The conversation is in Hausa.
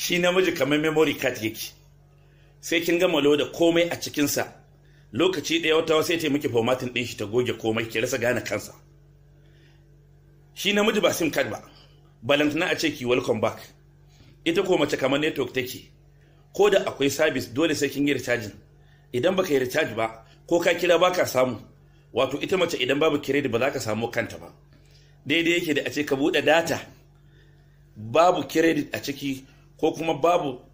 shi namiji kamar memory card yake sai kin gama loda komai a cikinsa lokaci ɗaya wata sai ta miki formatin ɗin shi ta goge komai ki rasa gane kansa shi namiji ba sim card ba balantana a ce ki welcome back ita ko mace kamar network take ko da akwai service dole sai kin yi recharging idan baka yi recharge ba ko ka kira baka samu wato ita mace idan babu credit ba za ka samu kanta ba daidai yake da a ce ka buɗe data babu credit a ciki ko kuma babu